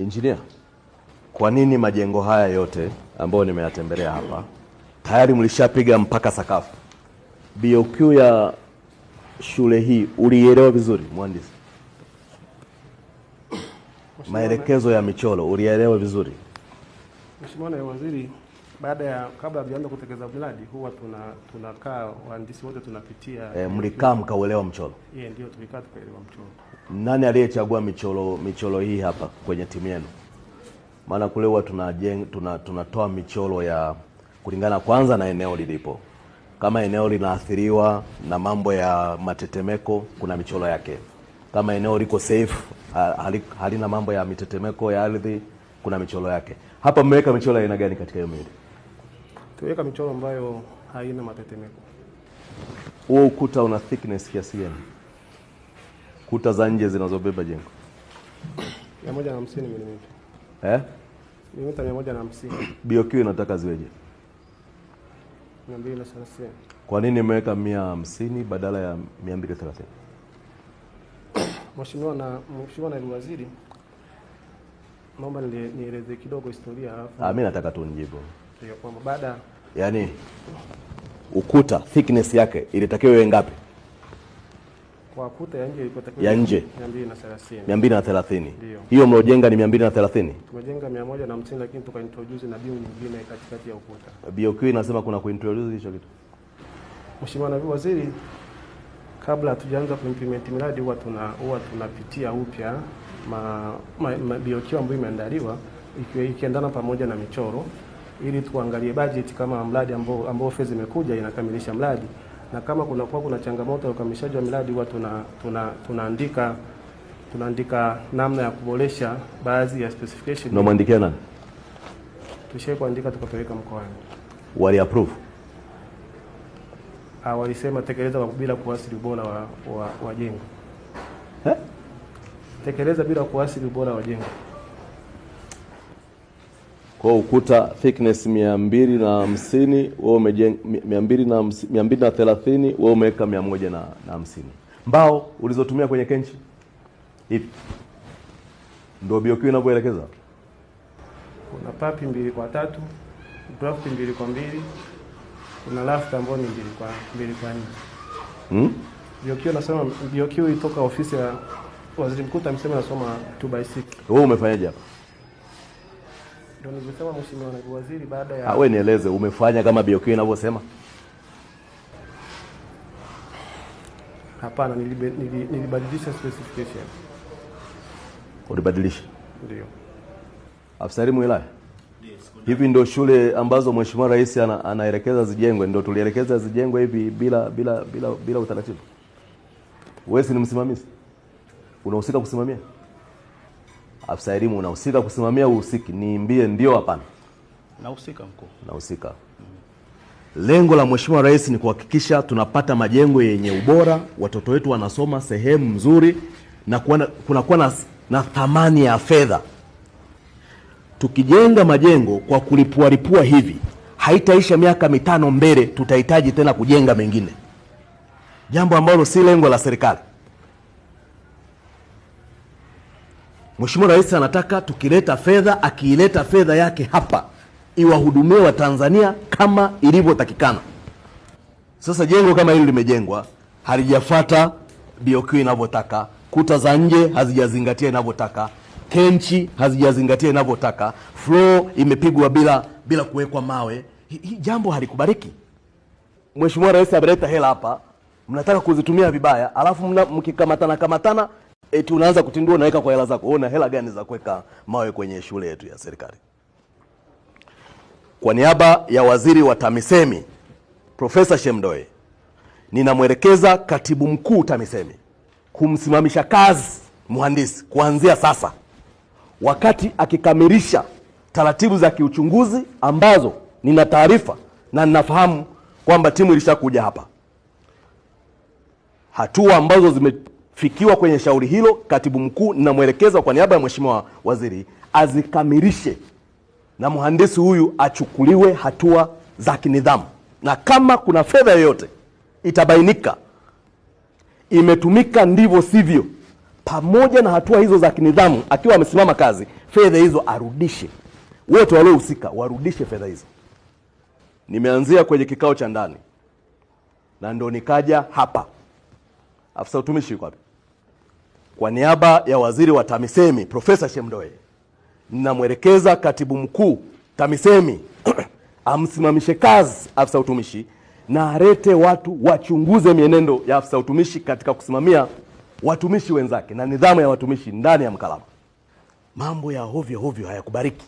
Engineer, kwa nini majengo haya yote ambayo nimeyatembelea hapa tayari mlishapiga mpaka sakafu? BOQ ya shule hii ulielewa vizuri mhandisi? Maelekezo ya michoro ulielewa vizuri? Mheshimiwa Naibu Waziri baada ya kabla hatujaanza kutekeleza mradi huwa tunakaa wahandisi wote tunapitia. E, mlikaa mkauelewa mchoro? Yeah, ndio tulikaa tukaelewa mchoro. Nani aliyechagua michoro michoro hii hapa kwenye timu yenu? Maana kule huwa tunatoa tuna, tuna michoro ya kulingana kwanza na eneo lilipo. Kama eneo linaathiriwa na mambo ya matetemeko, kuna michoro yake. Kama eneo liko safe, halina mambo ya mitetemeko ya ardhi, kuna michoro yake. Hapa mmeweka michoro ya aina gani katika hiyo mili? tuweka michoro ambayo haina matetemeko. Huo ukuta una thickness kiasi gani? Kuta za nje zinazobeba jengo 150 mm. Eh? Mita 150. BOQ inataka ziweje? Kwa nini imeweka 150 badala ya 230? Mheshimiwa na Mheshimiwa Naibu Waziri, naomba nieleze kidogo historia. Ah, mimi nataka tu njibu baada yani ukuta thickness yake ilitakiwa iwe ngapi? ya nje ya nje 230. Hiyo mliojenga ni 230. Tumejenga 150 lakini tukaintroduce na biu nyingine katikati ya ukuta. inasema kuna kuintroduce hicho kitu. Mheshimiwa Naibu Waziri, kabla hatujaanza kuimplement miradi huwa tuna huwa tunapitia upya ma, ma, ma BOQ ambayo imeandaliwa ikiendana pamoja na michoro ili tuangalie bajeti kama mradi ambao ambao fedha imekuja inakamilisha mradi, na kama kunakuwa kuna changamoto ya ukamilishaji wa miradi huwa tuna, tuna, tunaandika tunaandika namna ya kuboresha baadhi ya specification. Unamwandikia nani? Tushaye kuandika tukapeleka mkoani, wali approve ah, walisema tekeleza bila kuasili ubora wa, wa, wa jengo eh? Tekeleza bila kuasili ubora wa jengo. Kwa ukuta thickness mia mbili na hamsini mia mbili na thelathini we umeweka mia moja na hamsini mbao ulizotumia kwenye kenchi hivi ndo BOQ inavyoelekeza. Kuna papi mbili kwa tatu, draft mbili kwa mbili, kuna raft ambayo ni mbili kwa mbili kwa nne. Hmm? BOQ nasema BOQ itoka ofisi ya Waziri Mkuu TAMISEMI nasoma 2 by 6. Wewe umefanyaje hapa? Ndio nilisema Mheshimiwa Naibu Waziri, baada ya ah, wewe nieleze umefanya kama BOQ inavyosema. Hapana, nilibadilisha specification. Ulibadilisha? Ndio. Afisa elimu wilaya, hivi ndio shule ambazo Mheshimiwa Rais ana, anaelekeza zijengwe, ndio tulielekeza zijengwe hivi bila bila bila bila utaratibu? Wewe si ni msimamizi, unahusika kusimamia Afisa elimu unahusika kusimamia, uhusiki? Niimbie ndio, hapana. Nahusika mkuu, nahusika. Lengo la Mheshimiwa Rais ni kuhakikisha tunapata majengo yenye ubora, watoto wetu wanasoma sehemu nzuri na kunakuwa na, na thamani ya fedha. Tukijenga majengo kwa kulipualipua hivi, haitaisha miaka mitano mbele, tutahitaji tena kujenga mengine, jambo ambalo si lengo la serikali. Mheshimiwa Rais anataka tukileta fedha, akiileta fedha yake hapa iwahudumie Watanzania kama ilivyotakikana. Sasa jengo kama hili limejengwa halijafata BOQ inavyotaka, kuta za nje hazijazingatia inavyotaka, kenchi hazijazingatia inavyotaka, floor imepigwa bila bila kuwekwa mawe. Hii jambo halikubariki. Mheshimiwa Rais ameleta hela hapa, mnataka kuzitumia vibaya, alafu mkikamatana kamatana eti unaanza kutindua unaweka kwa hela zako. Una hela gani za kuweka mawe kwenye shule yetu ya serikali? Kwa niaba ya waziri wa TAMISEMI Profesa Shemdoe, ninamwelekeza katibu mkuu TAMISEMI kumsimamisha kazi mhandisi kuanzia sasa, wakati akikamilisha taratibu za kiuchunguzi ambazo nina taarifa na ninafahamu kwamba timu ilishakuja hapa, hatua ambazo zime fikiwa kwenye shauri hilo. Katibu mkuu namwelekeza kwa niaba ya mheshimiwa waziri azikamilishe na mhandisi huyu achukuliwe hatua za kinidhamu, na kama kuna fedha yoyote itabainika imetumika ndivyo sivyo, pamoja na hatua hizo za kinidhamu, akiwa amesimama kazi, fedha hizo arudishe. Wote waliohusika warudishe fedha hizo. Nimeanzia kwenye kikao cha ndani na ndo nikaja hapa. Afisa utumishi yuko wapi? Kwa niaba ya waziri wa TAMISEMI Profesa Shemdoe, ninamwelekeza katibu mkuu TAMISEMI amsimamishe kazi afisa utumishi na arete watu wachunguze mienendo ya afisa utumishi katika kusimamia watumishi wenzake na nidhamu ya watumishi ndani ya mkalaba. Mambo ya hovyo hovyo hayakubariki.